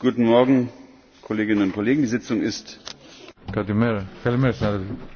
Guten Morgen, Kolleginnen und Kollegen. Die Sitzung ist. geschlossen.